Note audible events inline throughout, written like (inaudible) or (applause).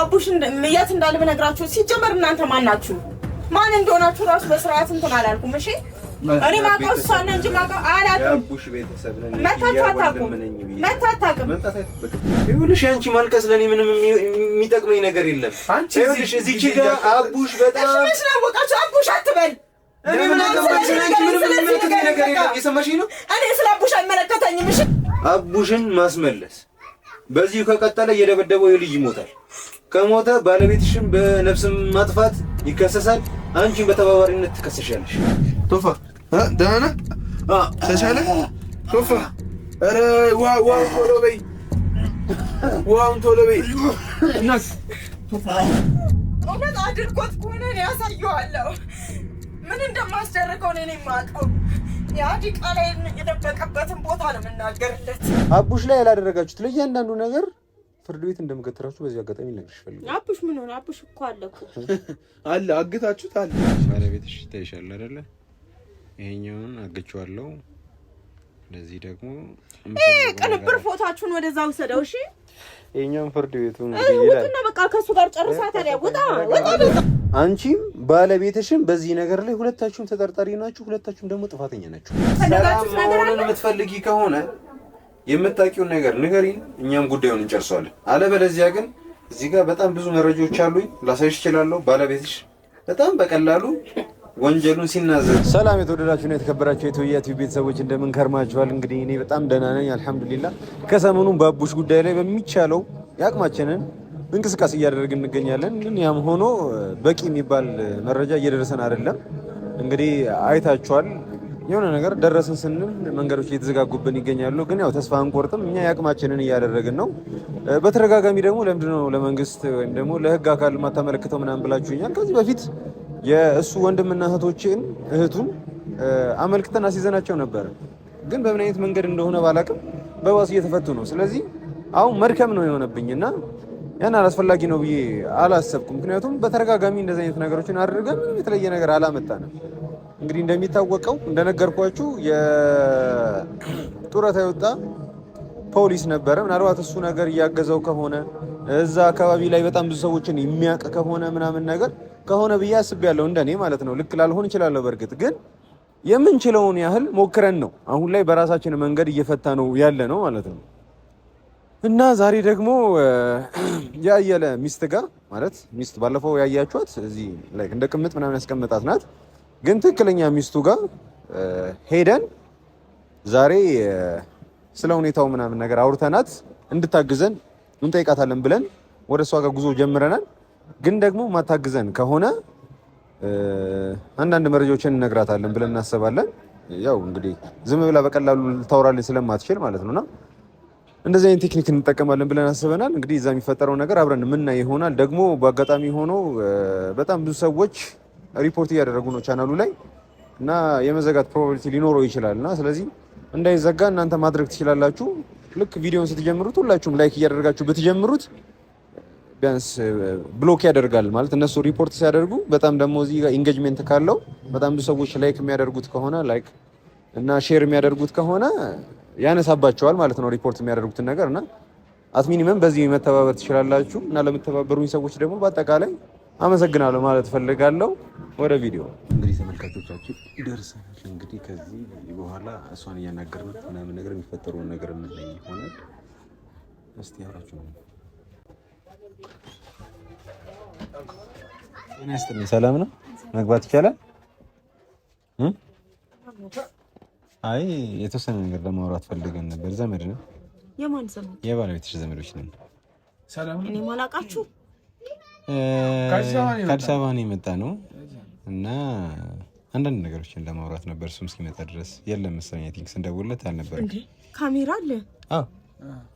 አቡሽ የት እንዳለ ብነግራችሁ፣ ሲጀመር እናንተ ማን ናችሁ? ማን እንደሆናችሁ እራሱ በስርዓት እንትን አላልኩም። እሺ እኔ ማውቀው እሷን እንጂ ማውቀው አላውቅም። መታችሁ አታውቅም፣ መታችሁ አታውቅም። ይኸውልሽ አንቺ ማልቀስ ለእኔ ምንም የሚጠቅመኝ ነገር የለም። አንቺ ይኸውልሽ እዚህ ጋር አቡሽ በጣም እሺ ነው ያወቃችሁ። አቡሽ አትበል እኔ ምን አገባሽ? አንቺ ምንም የሚመለከተኝ ነገር የለም። የሰማሽኝ ነው። እኔ ስለ አቡሽ አይመለከተኝም። እሺ አቡሽን ማስመለስ በዚሁ ከቀጠለ እየደበደበው ይህ ልጅ ይሞታል። ከሞተ ባለቤትሽን በነፍስ ማጥፋት ይከሰሳል። አንቺን በተባባሪነት ትከሰሻለሽ። ቶፋ ደህና ነህ? ተሻለ ቶፋ? ኧረ ውሃውን ቶሎ በይ፣ ውሃውን ቶሎ በይ። እናት እውነት አድርጎት ከሆነ እኔ ያሳየዋለሁ። ምን እንደማስደርገው እኔ ነኝ የማውቀው። የአዲቃ ላይ የደበቀበትን ቦታ ነው የምናገርለት። አቡሽ ላይ ያላደረጋችሁት ለእያንዳንዱ ነገር ፍርድ ቤት እንደምገትራችሁ በዚህ አጋጣሚ ልነግርሽ ፈልግ። አብሽ ምን ሆነ? አብሽ እኮ አለ እኮ (laughs) አለ አግታችሁት አለ። ባለቤትሽ ይታይሻል አይደለ? ይሄኛውን አግቼዋለሁ። ለዚህ ደግሞ ቅንብር ፎታችሁን ወደዛ ውሰደው። እሺ፣ ይሄኛውን ፍርድ ቤቱ ውጡና በቃ ከእሱ ጋር ጨርሳ። ታዲያ ውጣ ውጣ። አንቺም ባለቤትሽም በዚህ ነገር ላይ ሁለታችሁም ተጠርጣሪ ናችሁ። ሁለታችሁም ደግሞ ጥፋተኛ ናችሁ። ሰላም መሆኑን የምትፈልጊ ከሆነ የምታውቂውን ነገር ንገሪን፣ እኛም ጉዳዩን እንጨርሰዋለን። አለበለዚያ ግን እዚህ ጋር በጣም ብዙ መረጃዎች አሉኝ፣ ላሳይሽ እችላለሁ። ባለቤትሽ በጣም በቀላሉ ወንጀሉን ሲናዘር። ሰላም የተወደዳችሁ ነው የተከበራችሁ የትውያቱ ቤተሰቦች እንደምን ከርማችኋል? እንግዲህ እኔ በጣም ደህና ነኝ አልሐምዱሊላ። ከሰሞኑም በአቡሽ ጉዳይ ላይ በሚቻለው የአቅማችንን እንቅስቃሴ እያደረግን እንገኛለን። ግን ያም ሆኖ በቂ የሚባል መረጃ እየደረሰን አይደለም። እንግዲህ አይታችኋል የሆነ ነገር ደረስን ስንል መንገዶች እየተዘጋጉብን ይገኛሉ። ግን ያው ተስፋ አንቆርጥም። እኛ የአቅማችንን እያደረግን ነው። በተደጋጋሚ ደግሞ ነው ለመንግስት ወይም ደግሞ ለህግ አካል ማታመለክተው ምናምን ብላችሁኛል። ከዚህ በፊት የእሱ ወንድምና እህቶችን እህቱን አመልክተን አስይዘናቸው ነበር። ግን በምን አይነት መንገድ እንደሆነ ባላቅም በባሱ እየተፈቱ ነው። ስለዚህ አሁን መድከም ነው የሆነብኝ እና ያን አላስፈላጊ ነው ብዬ አላሰብኩም። ምክንያቱም በተደጋጋሚ እንደዚህ አይነት ነገሮችን አድርገን የተለየ ነገር አላመጣንም። እንግዲህ እንደሚታወቀው እንደነገርኳችሁ የጡረታ የወጣ ፖሊስ ነበረ። ምናልባት እሱ ነገር እያገዘው ከሆነ እዛ አካባቢ ላይ በጣም ብዙ ሰዎችን የሚያውቅ ከሆነ ምናምን ነገር ከሆነ ብዬ አስቤያለሁ። እንደኔ ማለት ነው። ልክ ላልሆን እችላለሁ። በእርግጥ ግን የምንችለውን ያህል ሞክረን ነው አሁን ላይ በራሳችን መንገድ እየፈታ ነው ያለ ነው ማለት ነው። እና ዛሬ ደግሞ ያየለ ሚስት ጋር ማለት ሚስት ባለፈው ያያችኋት እዚህ እንደ ቅምጥ ምናምን ያስቀምጣት ናት ግን ትክክለኛ ሚስቱ ጋር ሄደን ዛሬ ስለ ሁኔታው ምናምን ነገር አውርተናት እንድታግዘን እንጠይቃታለን ብለን ወደ እሷ ጋር ጉዞ ጀምረናል። ግን ደግሞ ማታግዘን ከሆነ አንዳንድ መረጃዎችን እነግራታለን ብለን እናስባለን። ያው እንግዲህ ዝም ብላ በቀላሉ ልታወራልን ስለማትችል ማለት ነውና እንደዚህ አይነት ቴክኒክ እንጠቀማለን ብለን አስበናል። እንግዲህ እዛ የሚፈጠረው ነገር አብረን ምናይ ይሆናል። ደግሞ በአጋጣሚ ሆኖ በጣም ብዙ ሰዎች ሪፖርት እያደረጉ ነው ቻናሉ ላይ እና የመዘጋት ፕሮባቢሊቲ ሊኖረው ይችላል እና ስለዚህ እንዳይዘጋ እናንተ ማድረግ ትችላላችሁ። ልክ ቪዲዮን ስትጀምሩት ሁላችሁም ላይክ እያደረጋችሁ ብትጀምሩት ቢያንስ ብሎክ ያደርጋል ማለት እነሱ ሪፖርት ሲያደርጉ በጣም ደግሞ እዚህ ጋር ኢንጌጅሜንት ካለው በጣም ብዙ ሰዎች ላይክ የሚያደርጉት ከሆነ ላይክ እና ሼር የሚያደርጉት ከሆነ ያነሳባቸዋል ማለት ነው ሪፖርት የሚያደርጉትን ነገር እና አት ሚኒመም በዚህ መተባበር ትችላላችሁ እና ለምተባበሩኝ ሰዎች ደግሞ በአጠቃላይ አመሰግናለሁ ማለት ፈልጋለሁ። ወደ ቪዲዮ እንግዲህ ተመልካቾቻችን ደርሰናል። እንግዲህ ከዚህ በኋላ እሷን እያናገርናት ምናምን ነገር የሚፈጠረውን ነገር የምናይ ይሆናል። እስቲ አብራችሁ ነው። ሰላም ነው? መግባት ይቻላል? አይ የተወሰነ ነገር ለማውራት ፈልገን ነበር። ዘመድ ነው። የማን ዘመድ? የባለቤትሽ ዘመዶች ነው። ሰላም ነው። እኔ ማላቃችሁ ከአዲስ አበባ ነው የመጣ ነው እና አንዳንድ ነገሮችን ለማውራት ነበር። እሱም እስኪመጣ ድረስ የለም መሰለኝ። አይ ቲንክ ስንደውልለት አልነበረም። ካሜራ አለ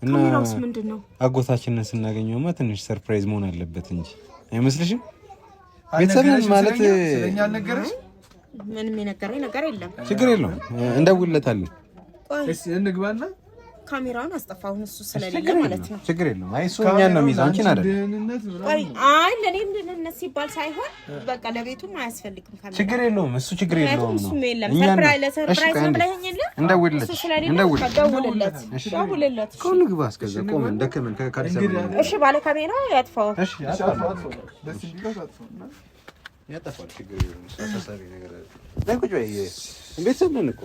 እና አጎታችንን ስናገኘውማ ትንሽ ሰርፕራይዝ መሆን አለበት እንጂ አይመስልሽም? ቤተሰብ ማለት ምንም የነገረኝ ነገር የለም። ችግር የለውም፣ እንደውልለታለን። እንግባና ካሜራውን አስጠፋሁን። እሱ ስለሌለ ማለት ነው። ችግር የለም። አይ እሱ እኛን ነው የሚይዘው አንቺን አይደለም። አይ ለእኔም ደህንነት ሲባል ሳይሆን በቃ ለቤቱም አያስፈልግም ካሜራ። ችግር የለውም። እሱ ችግር የለውም። እሱ የለም። ሰርፕራይዝ ለሰርፕራይዝ ነው ብለኸኝ የለ እንደውልለት፣ ደውልለት፣ ደውልለት። ከሁሉ ግባ። እስከዚያ ቆመን ደከመን። ከአዲስ አበባ እሺ፣ ባለ ካሜራ ያጥፋው። እሺ፣ ያጠፋል። ችግር የለውም። ቤተሰብ ነን እኮ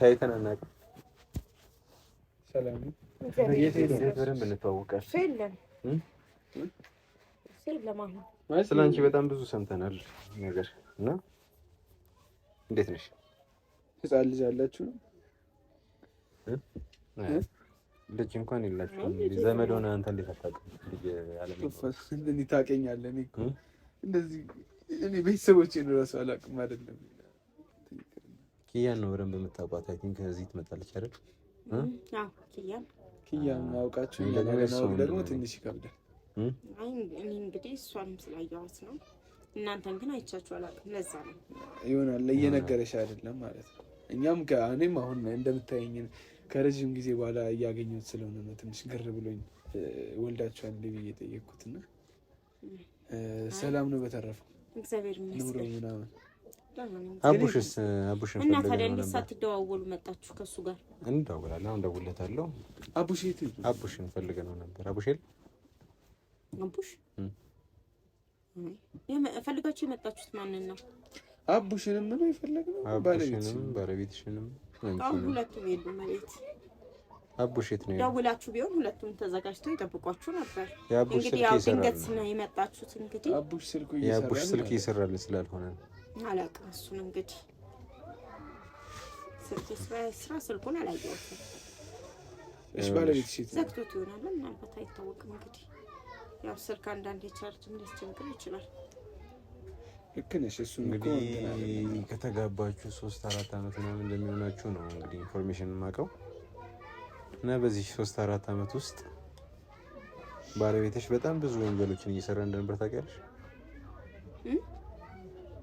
ታይተን ስለ አንቺ በጣም ብዙ ሰምተናል ነገር እና እንዴት ነሽ? ህፃን ልጅ አላችሁ? ልጅ እንኳን የላችሁም። ዘመድ ሆነ አንተ እንዴት አታውቅም? ልጅ እንዴት ታውቀኛለህ። እኔ እኮ እንደዚህ እኔ ቤተሰቦቼን እራሱ አላውቅም። አይደለም ኪያን ነው በደንብ የምታውቋት። አይ ቲንክ ከዚህ ትመጣለች አይደል? አዎ ኪያን ኪያን እንደገና ደግሞ ትንሽ ይከብዳል። እኔ እንግዲህ እሷን ስላየኋት ነው። እናንተን ግን አይቻችሁ አላውቅም። ለዛ ነው ይሆናል ለየነገረሽ አይደለም ማለት ነው። እኛም ከእኔም አሁን እንደምታየኝ ከረዥም ጊዜ በኋላ እያገኘሁት ስለሆነ ነው ትንሽ ግር ብሎኝ ወልዳችኋል ብዬ የጠየቅኩት እና ሰላም ነው በተረፈው እግዚአብሔር ይመስገን። አቡሽስ አቡሽ እና ታዲያ እንዴት ሳትደዋወሉ መጣችሁ ከእሱ ጋር? እንደዋወላለን። አሁን ደውለታለሁ። አቡሽ የት? አቡሽን ፈልገን ነው ነበር። አቡሽ የለ አቡሽ ፈልጋችሁ የመጣችሁት ማንን ነው? አቡሽንም ነው የፈለግነው። ባለቤትሽንም ባለቤትሽንም ሁለቱም የሉም መሬት አቡሽት ነው? ደውላችሁ ቢሆን ሁለቱም ተዘጋጅተው ይጠብቋችሁ ነበር። የአቡሽ ስልክ ይሰራል። ድንገት ነው የመጣችሁት። እንግዲህ የአቡሽ ስልክ ይሰራል ስላልሆነ አላውቅም። እሱን እንግዲህ ስልክ ስራ ስልኩን አላየሁትም። እሺ፣ ባለቤት ሴት ዘግቶት ይሆናል ምናልባት፣ አይታወቅም። እንግዲህ ያው ስልክ አንዳንዴ ቻርጅ ሊያስቸግር ይችላል። ልክ ነሽ። እሱ እንግዲህ ከተጋባችሁ ሶስት አራት አመት ምናምን እንደሚሆናችሁ ነው እንግዲህ ኢንፎርሜሽን የማውቀው እና በዚህ ሶስት አራት አመት ውስጥ ባለቤትሽ በጣም ብዙ ወንጀሎችን እየሰራ እንደነበር ታውቂያለሽ?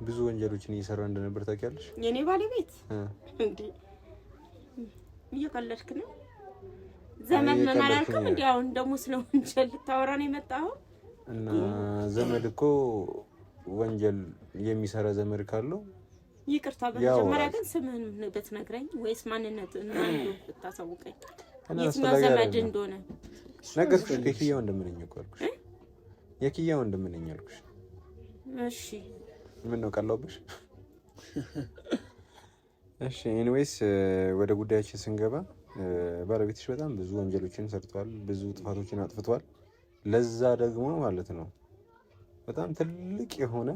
ብዙ ወንጀሎችን እየሰራ እንደነበር ታውቂያለሽ? የኔ ባለቤት እንዴ እየቀለድክ ነው? ዘመድ ምን አላልክም? እንዲ አሁን ደግሞ ስለ ወንጀል ልታወራ ነው የመጣኸው? እና ዘመድ እኮ ወንጀል የሚሰራ ዘመድ ካለው ይቅርታ። በመጀመሪያ ግን ስምህን ብትነግረኝ ወይስ ማንነት ማንነትህን ብታሳውቀኝ የትኛው ወንድም ነኝ አልኩሽ። እሺ ምን ነው ቀላውብሽ? እሺ ኤኒዌይስ ወደ ጉዳያችን ስንገባ ባለቤትሽ በጣም ብዙ ወንጀሎችን ሰርቷል፣ ብዙ ጥፋቶችን አጥፍቷል። ለዛ ደግሞ ማለት ነው በጣም ትልቅ የሆነ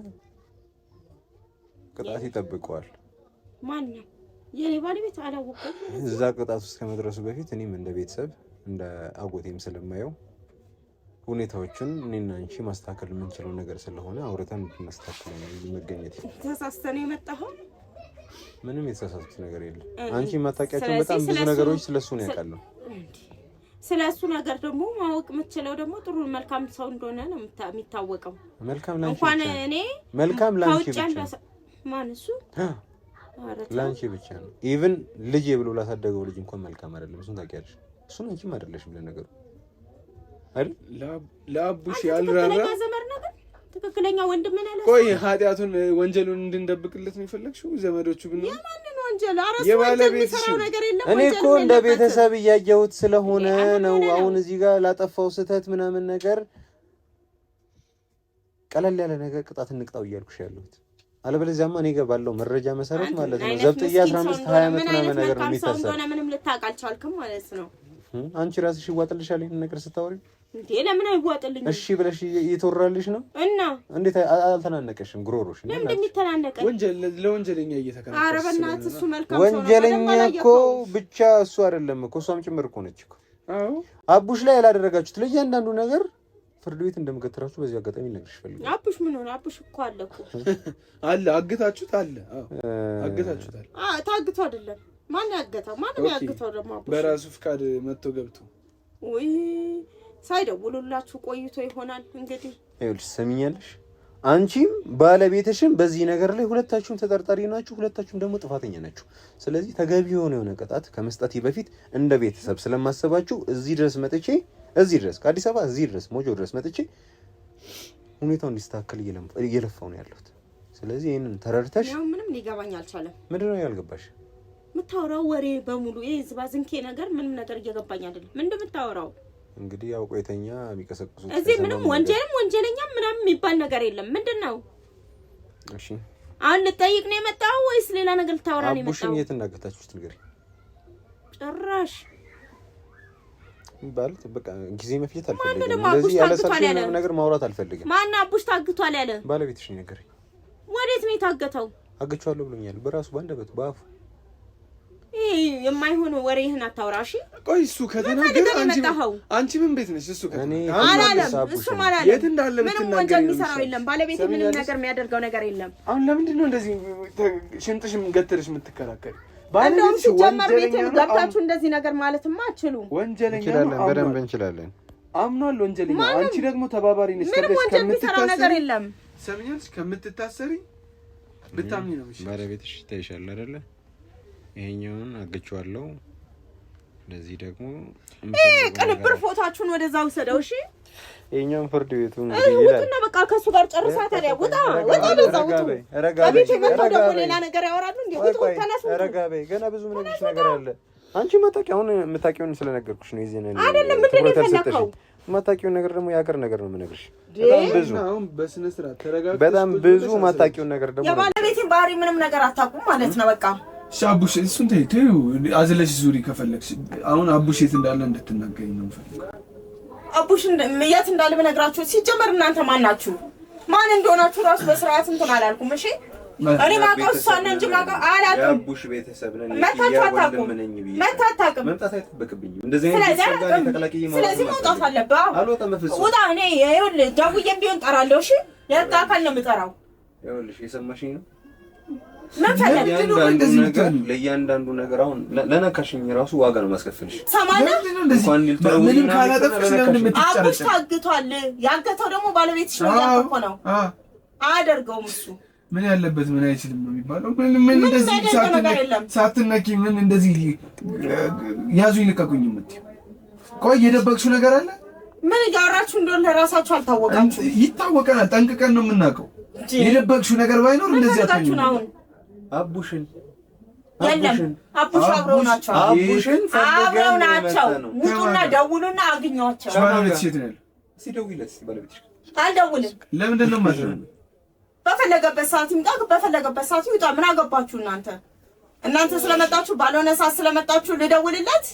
ቅጣት ይጠብቀዋል። ማን ነው የኔ ባለቤት አላወቅኩም። እዛ ቅጣት ውስጥ ከመድረሱ በፊት እኔም እንደ ቤተሰብ እንደ አጎቴም ስለማየው ሁኔታዎችን እኔና አንቺ ማስተካከል የምንችለው ነገር ስለሆነ አውርተን እንድናስተካክል መገኘት ተሳስተን የመጣኸው ምንም የተሳሳቱት ነገር የለም። አንቺ የማታውቂያቸው በጣም ብዙ ነገሮች ስለ እሱ ነው ያውቃለሁ። ስለ እሱ ነገር ደግሞ ማወቅ የምትችለው ደግሞ ጥሩ መልካም ሰው እንደሆነ ነው የሚታወቀው። መልካም ላንቺ እንኳን እኔ መልካም ለአንቺ ብቻ ማን እሱ ለአንቺ ብቻ ነው። ኢቭን ልጄ ብሎ ላሳደገው ልጅ እንኳን መልካም አይደለም። እሱን ታውቂያለሽ። እሱን አንቺም አይደለሽም ለነገሩ አይደል። ለአቡሽ ያልራራ ትክክለኛ ወንድም ምን ያለው። ቆይ ኃጢያቱን ወንጀሉን እንድንደብቅለት ነው የፈለግሽው? ዘመዶቹ ብን እኔ እኮ እንደ ቤተሰብ እያየሁት ስለሆነ ነው። አሁን እዚህ ጋር ላጠፋው ስህተት ምናምን ነገር ቀለል ያለ ነገር ቅጣት እንቅጣው እያልኩሽ ያለሁት አለበለዚያማ እኔ ጋር ባለው መረጃ መሰረት ማለት ነው ዘብጥያ 15 20 ዓመት ምናምን ነገር ነው የሚታሰበው። ምንም ልታውቅ አልቻልክም ማለት ነው። አንቺ ራስሽ ይዋጥልሻል ይሄን ነገር ስታወሪ እንዴ ለምን አይዋጥልኝ? እሺ ብለሽ እየተወራልሽ ነው እና እንዴት አልተናነቀሽም? ጉሮሮሽ ለምን እንደሚተናነቀ ወንጀል ለወንጀለኛ እየተከራከረ ኧረ በእናትህ እሱ መልካም ሰው ወንጀለኛ እኮ ብቻ እሱ አይደለም እኮ እሷም ጭምር እኮ ነች እኮ አዎ አቡሽ ላይ ያላደረጋችሁት ለእያንዳንዱ ነገር ፍርድ ቤት እንደምገትራችሁ በዚህ አጋጣሚ ልነግርሽ እፈልጋለሁ። አብሽ ምን ሆነ? አብሽ እኮ አለ እኮ (laughs) አለ አግታችሁት አለ አግታችሁት አለ ታግቶ አይደለም። ማን ያገታው? ማንም ያገታው ደግሞ አብሽ በራሱ ፍቃድ መጥቶ ገብቶ ወይ ሳይደውሉላችሁ ቆይቶ ይሆናል እንግዲህ። ይኸውልሽ ሰሚኛለሽ፣ አንቺም ባለቤትሽም በዚህ ነገር ላይ ሁለታችሁም ተጠርጣሪ ናችሁ፣ ሁለታችሁም ደግሞ ጥፋተኛ ናችሁ። ስለዚህ ተገቢ የሆነ የሆነ ቅጣት ከመስጠቴ በፊት እንደ ቤተሰብ ስለማሰባችሁ እዚህ ድረስ መጥቼ እዚህ ድረስ ከአዲስ አበባ እዚህ ድረስ ሞጆ ድረስ መጥቼ ሁኔታው እንዲስተካከል እየለፋው ነው ያለሁት። ስለዚህ ይህንን ተረድተሽ ምንም ሊገባኝ አልቻለም። ምንድን ነው ያልገባሽ? የምታወራው ወሬ በሙሉ ይህ ዝባዝንኬ ነገር ምንም ነገር እየገባኝ አይደለም። ምንድን የምታወራው? እንግዲህ ያው ቆይተኛ የሚቀሰቅሱት እዚህ ምንም ወንጀልም ወንጀለኛ ምናምን የሚባል ነገር የለም። ምንድን ነው እሺ? አሁን ልጠይቅ ነው የመጣው ወይስ ሌላ ነገር ልታወራ ነው የመጣው? አቡሽን የት እንዳገታችሁት ንገሪኝ። ጭራሽ የሚባሉት በቃ ጊዜ መፍጀት አልፈልግም። ስለዚህ ያለ ሰፊ ነገር ማውራት አልፈልግም። ማን አቡሽ ታግቷል ያለ ባለቤትሽ ነገር ወዴት ነው የታገተው? አግቼዋለሁ ብሎኛል በራሱ ባንደበት በአፉ። ይሄ የማይሆን ወሬህን አታውራሽ። ቆይ እሱ ከተናገረ አንቺ አንቺ ምን ቤት ነሽ? እሱ አላለም፣ እሱ ማለት የት እንዳለ ምንም ወንጀል የሚሰራው የለም። ባለቤት ምንም ነገር የሚያደርገው ነገር የለም። አሁን ለምንድን ነው እንደዚህ ሽንጥሽም ገትርሽ የምትከራከሪ? እንደውም ሲጀመር ቤት ገብታችሁ እንደዚህ ነገር ማለትማ አትችሉም። ወንጀለኛ በደንብ እንችላለን አምኗል። ወንጀለኛ አንቺ ደግሞ ተባባሪ ነሽ። ምንም ወንጀል የሚሰራ ነገር የለም። ሰምኛልሽ ከምትታሰሪ ብታምኝ ነው ባለቤትሽ ታይሻል አይደለ? ይሄኛውን አግቼዋለሁ እንደዚህ ደግሞ ቅንብር ፎታችሁን ወደዛ ውሰደው። እሺ የኛም ፍርድ ቤቱ ውትና በቃ ከእሱ ጋር ጨርሳ ታዲያ ውጣ ውጣ፣ በዛ ውጡ። ቤት የመጣው ደግሞ ሌላ ነገር ያወራሉ። እንዲ ውጡ፣ ተነሱ። ገና ብዙ ምንግስ ነገር አለ። አንቺ መታወቂያ አሁን የምታውቂውን ስለነገርኩሽ ነው። የዜና አይደለም ምንድን የፈለከው ማታውቂውን ነገር ደግሞ የሀገር ነገር ነው የምነግርሽ። በጣም ብዙ በስነ ስርዓት ተረጋግጠሽ በጣም ብዙ ማታውቂውን ነገር ደግሞ የባለቤቴን ባህሪ ምንም ነገር አታውቁም ማለት ነው በቃ አቡሽ እሱን ተይ ተይው፣ አዝለሽ ዙሪ ከፈለግሽ። አሁን አቡሽ የት እንዳለ እንድትናገኝ ነው የምፈልገው። አቡሽ የት እንዳለ ብነግራችሁ፣ ሲጀመር እናንተ ማን ናችሁ? ማን እንደሆናችሁ ራሱ በስርዓት እንትን አላልኩም። እሺ እኔ ማውቀው እሷን እንጂ ማውቀው አላውቅም። የአቡሽ ቤተሰብ ነን። መታ አታውቅም። መምጣት አይጠበቅብኝም። እንደዚህ አይነት ስለዚህ መውጣት አለብህ። አልወጣም። በፍፁም ውጣ። እኔ ይኸውልህ ደውዬም ቢሆን እጠራለሁ። እሺ የህግ አካል ነው የምጠራው። ይኸውልሽ የሰማሽኝ ነው ለእያንዳንዱ ነገር አሁን ለነካሽኝ ራሱ ዋጋ ነው ማስከፈልሽ። አቡሽ ታግቷል። ያገተው ደግሞ ባለቤትሽ ነው። ያገተው ነው አያደርገውም እሱ ምን ያለበት ምን አይችልም የሚባለው። ምን እንደዚህ ሳትነኪ ምን እንደዚህ ያዙኝ ልቀቁኝ የምትይው? ቆይ የደበቅሽው ነገር አለ። ምን እያወራችሁ እንደሆነ ለራሳችሁ አልታወቃችሁ። ይታወቀናል፣ ጠንቅቀን ነው የምናውቀው። የደበቅሽው ነገር ባይኖር እንደዚህ አትሆኝም። አቡሽን የለም አቡሽ አብረው ናቸው። አቡሽን አብረው ናቸው። ደውሉና አልደውልም። ነው በፈለገበት ሰዓት ይምጣ፣ በፈለገበት ሰዓት ይውጣ። ምን አገባችሁ እናንተ እናንተ ስለመጣችሁ ባልሆነ ሰዓት ስለመጣችሁ ልደውልለት።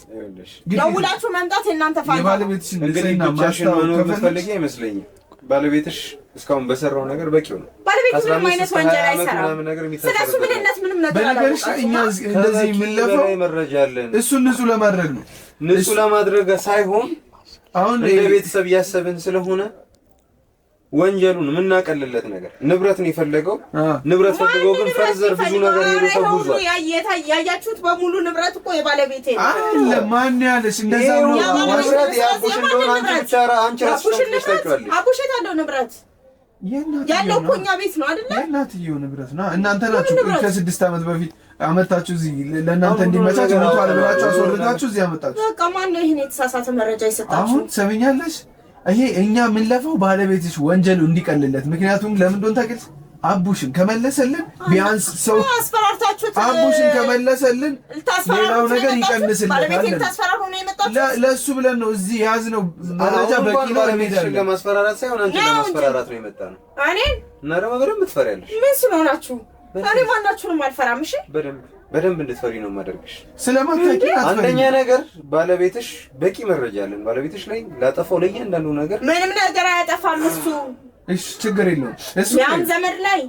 ደውላችሁ መምጣት የእናንተ ፋንታ ነው። ባለቤትሽ እስካሁን በሰራው ነገር በቂ ነው። ባለቤትሽ ምንም አይነት ወንጀል አይሰራም። ስለሱ ምንነት ምንም ነገር በነገርሽ እኛ እንደዚህ የምንለፈው መረጃ አለን። እሱን ንጹህ ለማድረግ ነው። ንጹህ ለማድረግ ሳይሆን አሁን ለቤተሰብ እያሰብን ስለሆነ ወንጀሉን የምናቀልለት ነገር ንብረት ነው የፈለገው። ንብረት ፈልገው ግን ፈርዘር ብዙ ነገር ሄዶ ተጉዟል። ያያችሁት በሙሉ ንብረት እኮ የባለቤቴ ነው አለ። ማን ያለሽ እንደዛ ነው? ንብረት የአቡሽ እንደሆነ አንቺ ብቻ አንቺ ራስሽ ታውቂዋለሽ። አቡሽ የታለው ንብረት ያለው እኮ እኛ ቤት ነው አይደለ? የእናትየው ንብረት ነው። እናንተ ናችሁ ከስድስት ዓመት በፊት አመጣችሁ እዚህ ለእናንተ እንዲመቻች ነው ብላችሁ አስወርዳችሁ እዚህ አመጣችሁ። በቃ ማን ነው ይህን የተሳሳተ መረጃ ይሰጣችሁ? አሁን ሰምኛለሽ ይሄ እኛ የምንለፈው ባለቤትሽ ወንጀሉ እንዲቀልለት። ምክንያቱም ለምን እንደሆነ ታውቂያለሽ? አቡሽን ከመለሰልን ቢያንስ ሰው አስፈራርታችሁት፣ አቡሽን ከመለሰልን ሌላው ነገር ይቀንስልታል። ለእሱ ብለን ነው እዚህ የያዝነው መረጃ በቂ ነው። ለማስፈራራት ሳይሆን አንቺ ለማስፈራራት ነው የመጣ ነው። እኔን እና ደግሞ በደንብ ትፈሪያለሽ። ምን ስለሆናችሁ እኔ ማናችሁንም አልፈራም። እሺ በደንብ በደንብ እንድትፈሪ ነው የማደርግሽ። ስለማታውቂ አንደኛ ነገር ባለቤትሽ በቂ መረጃ አለን ባለቤትሽ ላይ ላጠፋው ለእያንዳንዱ ነገር ምንም ነገር አያጠፋም እሱ። እሺ ችግር የለውም እሱ ያም ዘመድ ላይ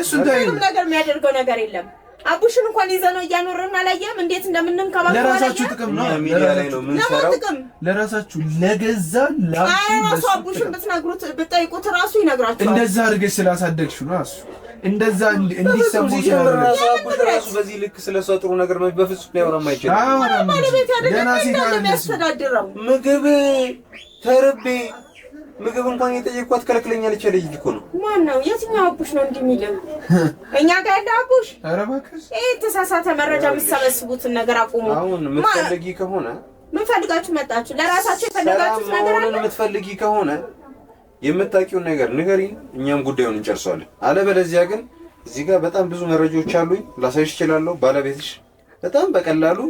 እሱ ምንም ነገር የሚያደርገው ነገር የለም። አቡሽን እንኳን ይዘነው እያኖርን አላየም። እንዴት እንደምንንከባከብ ለራሳችሁ ጥቅም ነው ነው የምንሰራው፣ ለራሳችሁ ለገዛ ላሱ። አቡሽን ብትነግሩት ብትጠይቁት ራሱ ይነግራችኋል። እንደዛ አድርገሽ ስላሳደግሽ ነው እሱ እንደዛ እንዲሰሙ ይችላሉ። በዚህ ልክ ስለሷ ጥሩ ነገር በፍጹም ሊያወራ የማይችል ምግብ ተርቤ ምግብ እንኳን የጠየኳት ከለክለኛለች ያለ ልጅ እኮ ነው። ማን ነው? የትኛው አቡሽ ነው እንዲህ የሚለው? እኛ ጋር ያለ አቡሽ። ኧረ እባክሽ ይሄ የተሳሳተ መረጃ የምትሰበስቡትን ነገር አቁሙ። አሁን የምትፈልጊ ከሆነ ምን ፈልጋችሁ መጣችሁ? ለራሳችሁ የፈለጋችሁት ነገር አለ። የምትፈልጊ ከሆነ የምታውቂውን ነገር ንገሪን፣ እኛም ጉዳዩን እንጨርሰዋለን። አለበለዚያ ግን እዚህ ጋር በጣም ብዙ መረጃዎች አሉኝ፣ ላሳይሽ እችላለሁ። ባለቤትሽ በጣም በቀላሉ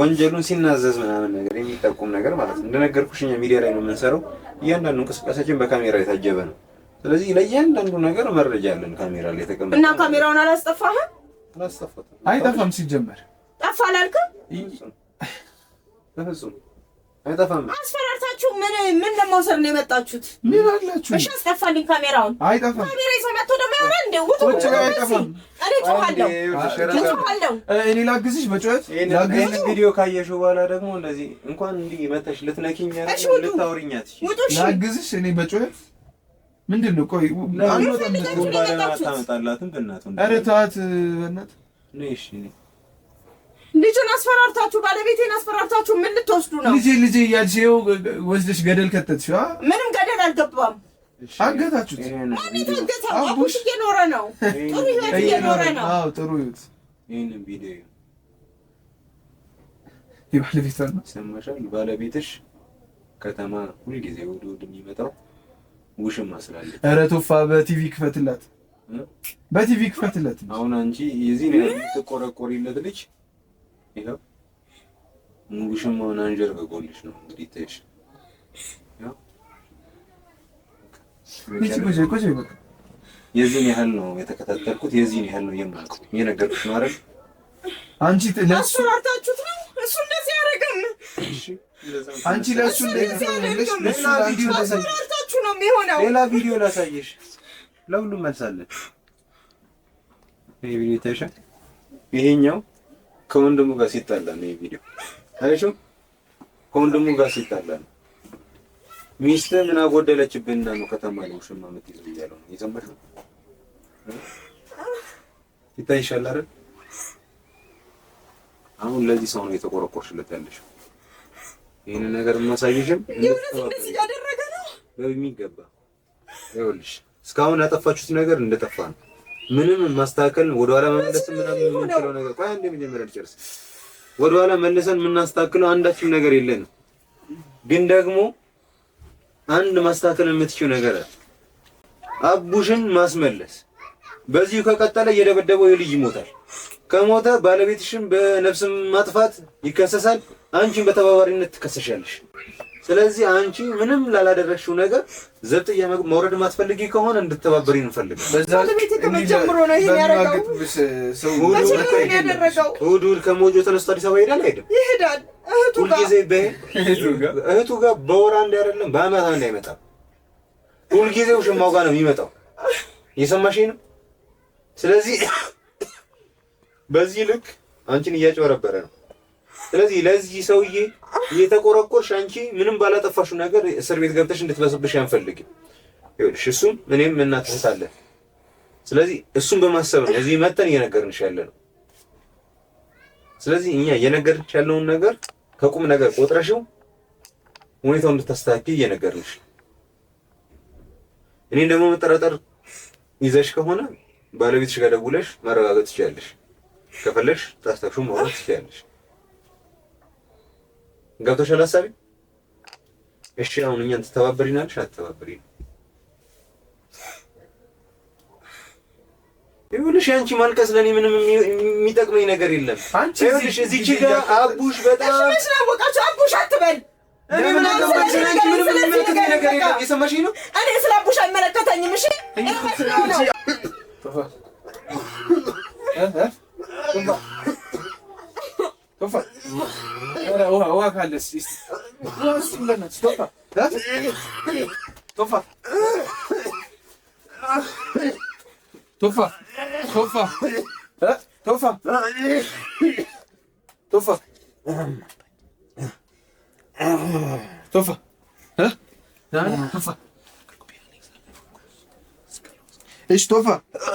ወንጀሉን ሲናዘዝ ምናምን ነገር የሚጠቁም ነገር ማለት ነው። እንደነገርኩሽ እኛ ሚዲያ ላይ ነው የምንሰራው። እያንዳንዱ እንቅስቃሴችን በካሜራ የታጀበ ነው። ስለዚህ ለእያንዳንዱ ነገር መረጃ ያለን ካሜራ ላይ ተቀምጠ እና ካሜራውን አላስጠፋህም? አላስጠፋትም። አይጠፋም። ሲጀመር ጠፋ አላልክም በፍጹም አይጠፋም። አስፈራርታችሁ ምን ምን ለመውሰድ ነው የመጣችሁት? ምን አላችሁ? እሺ አስጠፋልኝ ካሜራውን። አይጠፋም። ካሜራ ይዞ መጥቶ ደግሞ ይሆናል እንዴ? ውጡ። ቁጭ ጋር አይጠፋም። እኔ እጮኻለሁ፣ እጮኻለሁ። እኔ ላግዝሽ፣ በጩኸት ላግዝሽ። ቪዲዮ ካየሽው በኋላ ደግሞ እንደዚህ እንኳን እንዲህ መተሽ ልትነኪኝ ያለሽ ልታወሪኛት፣ ላግዝሽ። እኔ በጩኸት ምንድን ነው? ቆይ አንተ ምንም ባላ ታመጣላትም። በእናትህ ኧረ ተዋት፣ በእናትህ ነይ። እሺ ልጁን አስፈራርታችሁ ባለቤቴን አስፈራርታችሁ ምን ልትወስዱ ነው? ልጄ ልጄ እያልሽ ይኸው ወስደሽ ገደል ከተትሽ። ምንም ገደል አልገባም። አገታችሁት። ማን የታገተ? አቡሽ እየኖረ ነው፣ ጥሩ ህይወት እየኖረ ነው። አዎ ጥሩ ህይወት። ይሄንን ቪዲዮ የባለቤት ነው ሰማሻል። ባለቤትሽ ከተማ ሁልጊዜ ወደ ወደ የሚመጣው ውሽማ ስላለ፣ ኧረ ቶፋ በቲቪ ክፈትላት፣ በቲቪ ክፈትላት። አሁን አንቺ የዚህ ነው የምትቆረቆሪለት ልጅ ይኸው ሙሉሽም አንጀር ነው እንግዲህ የዚህን ያህል ነው የተከታተልኩት። የዚህን ያህል ነው የማልኩት ነው አይደል? አንቺ ለሱ አርታችሁት ነው እሱ እንደዚህ ያደረገን። አንቺ ለሱ ሌላ ቪዲዮ ላሳየሽ። ለሁሉም መልሳለን። ይሄ ቪዲዮ ይታይሻል። ይሄኛው ከወንድሙ ጋር ሲጣላ ነው የቪዲዮ አይሹ ከወንድሙ ጋር ሲጣላ ነው። ሚስት ምን አጎደለችብህና ነው ከተማ ላይ ውሽማ የምትይዘው እያለው ነው የዘመድ ነው ይታይሻል አይደል? አሁን ለዚህ ሰው ነው የተቆረቆርሽለት ያለሽው። ይሄን ነገር ማሳየሽም እንደዚህ ያደረገ ነው በሚገባ ይኸውልሽ፣ እስካሁን ያጠፋችሁት ነገር እንደጠፋ ነው ምንም ማስተካከል ወደኋላ መመለስ ምናምን የምንችለው ነገር ቆይ አንዴ መጀመሪያ ልጨርስ። ወደኋላ መለሰን የምናስተካክለው አንዳችም ነገር የለንም፣ ግን ደግሞ አንድ ማስተካከል የምትችው ነገር አቡሽን ማስመለስ በዚሁ ከቀጠለ እየደበደበው የልጅ ይሞታል። ከሞተ ባለቤትሽን በነፍስ ማጥፋት ይከሰሳል። አንቺን በተባባሪነት ትከሰሻለሽ። ስለዚህ አንቺ ምንም ላላደረግሽው ነገር ዘብጥ መውረድ ማስፈልጊ ከሆነ እንድተባበሪ እንፈልግ። እሑድ እሑድ ከሞጆ ተነስቶ አዲስ አበባ ይሄዳል አይደል? ይሄዳል። እህቱ ሁልጊዜ እህቱ ጋር በወር አንድ አይደለም በአመት አንድ አይመጣም። ሁልጊዜ ውሽማው ጋር ነው የሚመጣው። እየሰማሽኝ ነው? ስለዚህ (coughs) በዚህ ልክ አንቺን እያጭበረበረ ነው። ስለዚህ ለዚህ ሰውዬ እየተቆረቆርሽ አንቺ ምንም ባላጠፋሽው ነገር እስር ቤት ገብተሽ እንድትበስብሽ አንፈልግም። ይኸውልሽ እሱም እኔም እናትህ አለን። ስለዚህ እሱን በማሰብ ነው እዚህ መተን እየነገርንሽ ያለ ነው። ስለዚህ እኛ እየነገርንሽ ያለውን ነገር ከቁም ነገር ቆጥረሽው ሁኔታው እንድታስተካክል እየነገርንሽ እኔን ደግሞ መጠራጠር ይዘሽ ከሆነ ባለቤትሽ ጋር ደውለሽ ማረጋገጥ ትችያለሽ። ከፈለሽ ታስታክሹ ማውራት ትችያለሽ። ገብቶሻል ሀሳቤ? እሺ አሁን እኛን ትተባበሪናለሽ አትተባበሪን? ይኸውልሽ አንቺ ማልቀስ ለኔ ምንም የሚጠቅመኝ ነገር የለም። አንቺ ይኸውልሽ እዚህ ጋር አቡሽ በጣም እሺ፣ አቡሽ አትበል። እኔ ምን አገባኝ? አንቺ ምንም የሚመለከተኝ ነገር የለም። እየሰማሽኝ ነው? እኔ ስለ አቡሽ አይመለከተኝም። እሺ እኔ Ora, ora, ora, olha, Tofa! Tofa! Tofa! Tofa! Tofa! Tofa! Tofa! Estopa. Estopa. Nein, Estopa. Estopa. Estopa.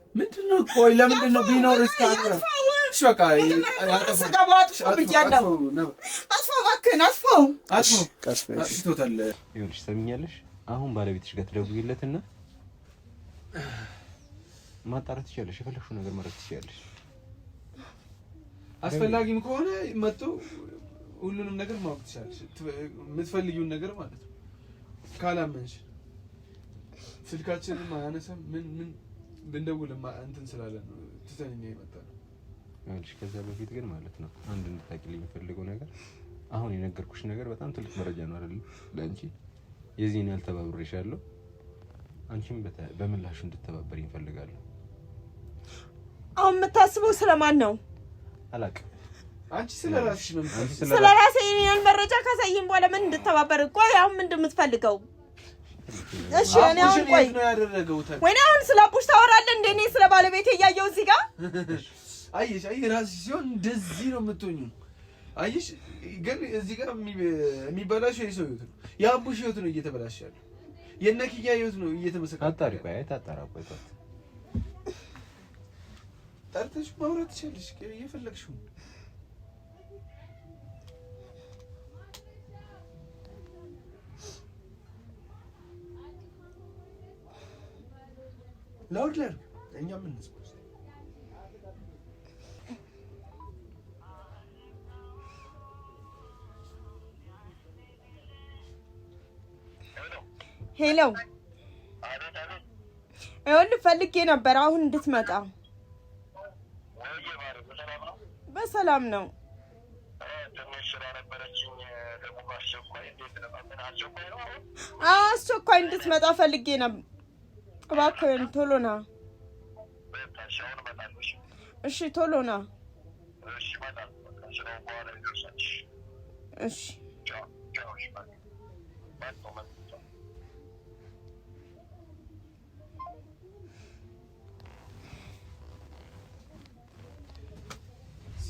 ምንድን ነው? ቆይ ለምንድን ነው ቢኖር ሰሚኛለሽ? አሁን ባለቤትሽ ጋር ትደውይለትና ማጣራት ትችያለሽ። ነገር ማድረግ ትችያለሽ። አስፈላጊም ከሆነ መጥቶ ሁሉንም ነገር ማወቅ ትችያለሽ። የምትፈልጊውን ነገር ማለት ነው። ካላመንሽ ስልካችንም አያነሳም ምን ምን ብንደውልማ እንትን ስላለ ትተን እኛ የመጣ ነው። ከዛ በፊት ግን ማለት ነው አንድ እንድታቂል የሚፈልገው ነገር አሁን የነገርኩሽ ነገር በጣም ትልቅ መረጃ ነው አይደል? ለአንቺ የዚህን ያህል ተባብሬሻለሁ። አንቺም በምላሹ እንድተባበር ይፈልጋለሁ። አሁን የምታስበው ስለማን ነው አላውቅም። አንቺ ስለራስሽ ነው። ስለራሴ መረጃ ካሳየኝ በኋላ ምን እንድተባበር። ቆይ አሁን ምንድን የምትፈልገው? እሺ እኔ አሁን ቆይ፣ ወይኔ አሁን ስለ አቡሽ ታወራለህ እንደ እኔ ስለ ባለቤቴ እያየሁ እዚህ ጋር አየሽ። እራስሽ ሲሆን እንደዚህ ነው የምትሆኙ። አየሽ ግን እዚህ ጋር የሰው ህይወት ነው፣ የአቡሽ ህይወት ነው እየተበላሸ ያለው። የእነ ኪያ ህይወት ነው አጣሪ ቆይ፣ አይ ታጣራ ቆይ፣ ጠርተሽ ማውራት ትችያለሽ እየፈለግሽው ላውድ ላድርግ እኛም እንስማ። ሄሎ ይኸውልህ ፈልጌ ነበር አሁን እንድትመጣ። በሰላም ነው። አስቸኳይ እንድትመጣ ፈልጌ ነበር። እባክህን ቶሎ ና። እሺ ቶሎ ና። እሺ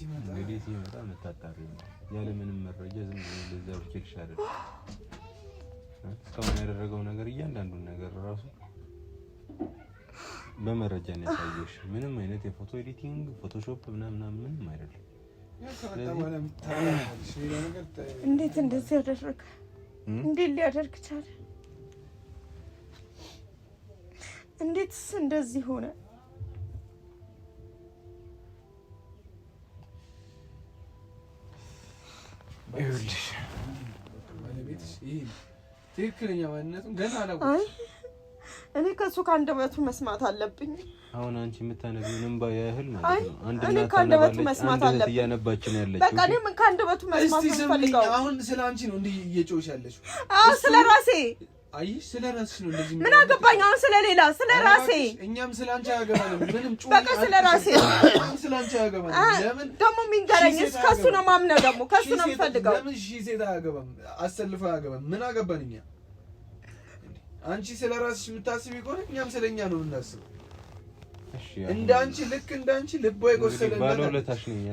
እንግዲህ ሲመጣ መታጣሪ ነው ያለ ምንም መረጃ ዝም ብሎ ለዛ ብቻ ይሻላል። እስካሁን ያደረገው ነገር እያንዳንዱን ነገር ራሱ በመረጃ ነው ያሳየሽ። ምንም አይነት የፎቶ ኤዲቲንግ ፎቶሾፕ ምናምን ምንም አይደለም። እንዴት እንደዚህ ያደረገ እንዴት ሊያደርግ ቻለ? እንዴትስ እንደዚህ ሆነ? ይኸውልሽ ትክክለኛ ማንነቱን ገና አላወቅሽም እኔ ከእሱ ከአንደበቱ መስማት አለብኝ። አሁን አንቺ የምታነቢውን እንባ ያህል ማለት ነው። አንድ እኔ ከአንደበቱ መስማት አለብኝ። እያነባችን ያለች በቃ እኔም ከአንደበቱ መስማት ፈልገው። አሁን ስለ አንቺ ነው እንዲህ እየጮሽ ያለች። አዎ ስለ ራሴ አይ ስለ ራስሽ ነው እንደዚህ። ምን አገባኝ አሁን ስለ ሌላ ስለ ራሴ። እኛም ስለ አንቺ አያገባንም። ምንም ጩኸት በቃ ስለ ራሴ ስለ አንቺ አያገባንም። ለምን ደግሞ የሚንገረኝ ከሱ ነው ማምነው ደግሞ ከሱ ነው የምፈልገው። ለምን ሺ ሴት አያገባም፣ አሰልፈው አያገባም። ምን አገባን እኛ አንቺ ስለ ራስሽ የምታስቢ ከሆነ እኛም ስለኛ ነው የምናስበው። እንደ አንቺ ልክ እንደ አንቺ ልቧ የቆሰለ ባለውለታሽ ነኝ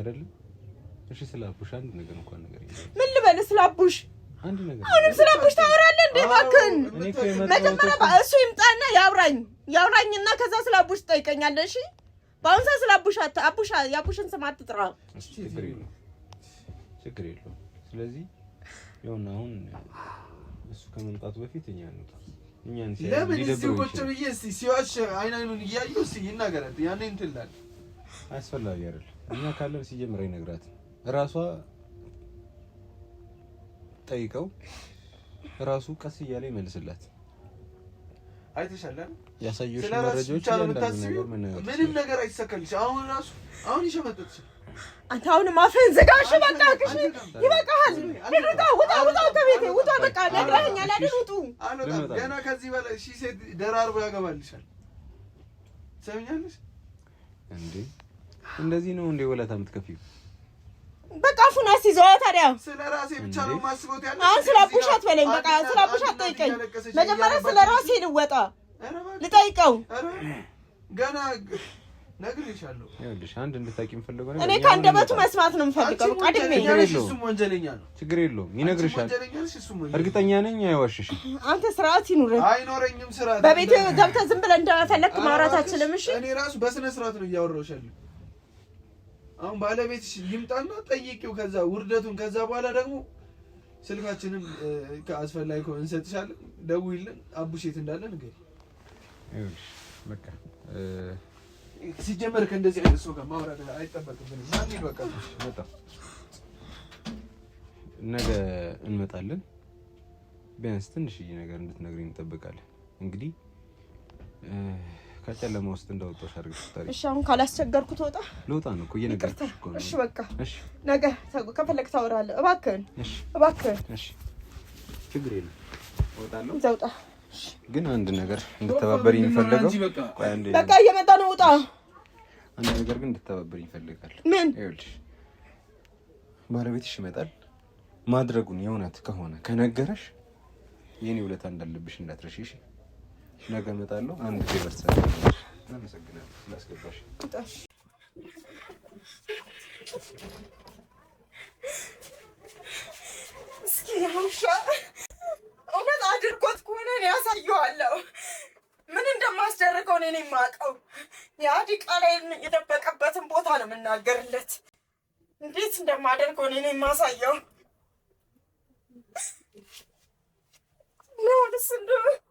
እሺ ስለ አቡሽ አንድ ነገር እንኳን ነገር ምን ልበል? ስለ አቡሽ አንድ ነገር አሁንም ስለ አቡሽ ታወራለህ እንዴ? እባክህን መጀመሪያ እሱ ይምጣና ያውራኝ ያውራኝና ከዛ ስለ አቡሽ ትጠይቀኛለህ። እሺ በአሁን ሰዓት ስለ አቡሽ አቡሽ የአቡሽን ስም አትጥራ። ችግር የለውም። ስለዚህ ይሁን። አሁን እሱ ከመምጣቱ በፊት እኛ እንውጣ ለምን እዚህ ቁጭ ብዬ እስኪ ሲዋሽ አይን አይኑን እያየሁ እስኪ ይናገራት። ያኔ እንትን እላለሁ። አስፈላጊ አይደል እኛ ካለን ሲጀምር ይነግራት እራሷ ጠይቀው እራሱ ቀስ እያለ ይመልስላት። አይተሻል ያሳየሁሽ መረጃዎች ምንም ነገር አይሰካልሽ። አሁን እራሱ አሁን ይሸመጠጥሽ አንተ አሁንም አፍህን ዝጋሽ። በቃ ግሽ ይበቃሃል። ውጣ ውጣ ውጣ ከቤቴ ውጣ። በቃ ነግረኸኛል አይደል? ውጡ። ገና ከዚህ በላይ እሺ፣ ሴት ደራርቦ ያገባልሻል። ትሰሚኛለሽ እንዴ? እንደዚህ ነው እንዴ? ወላታ የምትከፊው በቃ አፉን አስይዘው። ታዲያ ስለ ራሴ ብቻ ነው የማስበው ያለው። አሁን ስለ አቡሻት አትበለኝ። በቃ ስለ አቡሻት ጠይቀኝ። መጀመሪያ ስለ ራሴ ልወጣ ልጠይቀው ገና ነግሬሻለሁ። ይኸውልሽ አንድ እንድታቂ የምፈልገው ነገር እኔ ከአንደበቱ መስማት ነው የምፈልገው። በቃ እሱም ወንጀለኛ ነው፣ ችግር የለውም ይነግርሻል። እርግጠኛ ነኝ አይዋሽሽ። አንተ ስርዓት ይኑርህ። አይኖረኝም ስርዓት። በቤት ገብተ ዝም ብለ እንደፈለክ ማውራት አችልም። እሺ እኔ ራሱ በስነ ስርዓት ነው እያወራሁሻለሁ። አሁን ባለቤትሽ ይምጣና ጠይቂው፣ ከዛ ውርደቱን። ከዛ በኋላ ደግሞ ስልካችንም አስፈላጊ ከሆነ እንሰጥሻለን። ደውዪልን፣ አቡሼት እንዳለ ንገሪኝ። ይኸውልሽ በቃ ሲጀመር ከእንደዚህ አይነት ሰው ጋር ማውራት አይጠበቅብን። ማን በቃ ነገ እንመጣለን። ቢያንስ ትንሽዬ ነገር እንድትነግሪኝ እንጠብቃለን። እንግዲህ ከጨለማ ውስጥ እንዳወጣሽ አድርገሽ ስታሪ። እሺ፣ አሁን ካላስቸገርኩ ትወጣ ልወጣ ነው እኮ እየነገርኩሽ እኮ። እሺ፣ በቃ እሺ፣ ነገ ከፈለግ ታወራለህ። እባክህን፣ እባክህን፣ እሺ፣ ችግር የለም እወጣለሁ። ዘውጣ ግን አንድ ነገር እንድተባበር የሚፈልገው በቃ እየመጣ ነው። ውጣ። አንድ ነገር ግን እንድተባበር ይፈልጋል። ምን ባለቤትሽ ይመጣል ማድረጉን የእውነት ከሆነ ከነገረሽ የኔ ውለታ እንዳለብሽ እሺ፣ ነገ እመጣለሁ። አንድ ጊዜ ፌቨርስ አመሰግናለሁ ላስገባሽ እስኪ እውነት አድርጎት ከሆነ እኔ ያሳየዋለሁ። ምን እንደማስደርገው እኔ ነው የማውቀው። የአዲቃ ላይ የደበቀበትን ቦታ ነው የምናገርለት። እንዴት እንደማደርገው እኔ ነው የማሳየው ነው